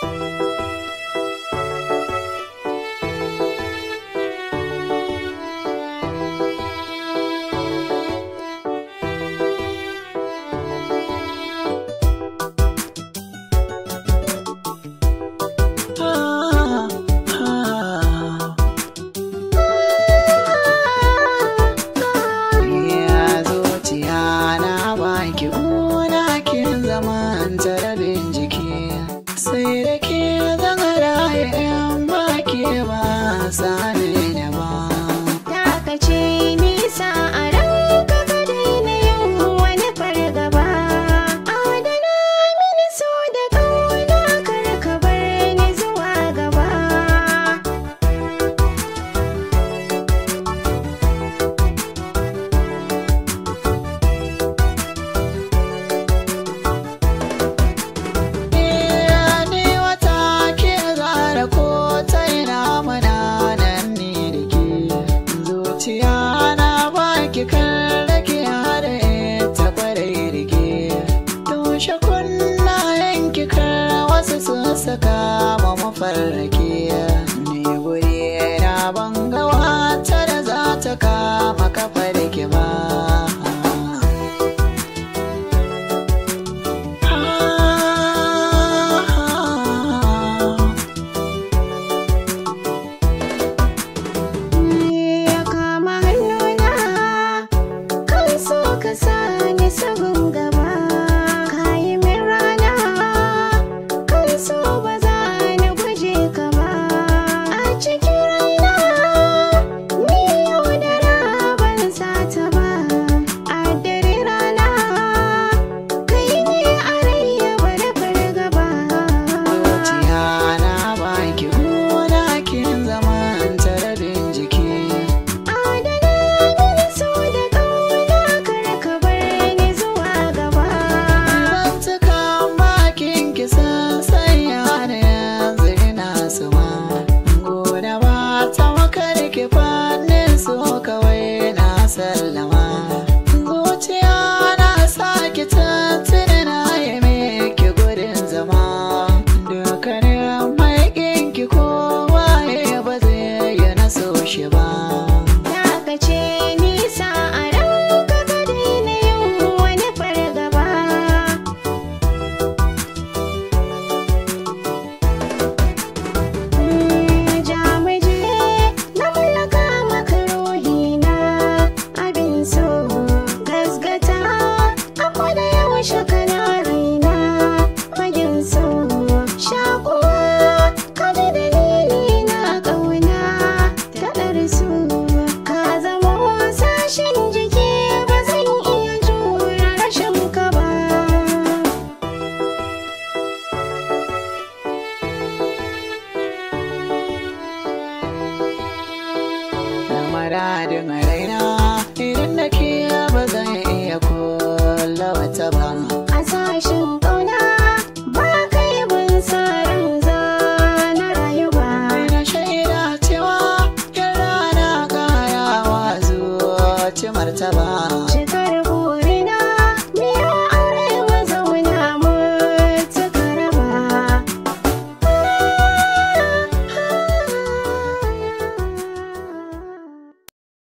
Thank you. wasu sun saka ma mafarki muradin raina idan na ke ba zan iya kula wata ba. Ƙasashen ƙauna ba kai bin sarin na rayuwa. Na shaida cewa yara na ƙarawa zuwa ci martaba. Shekara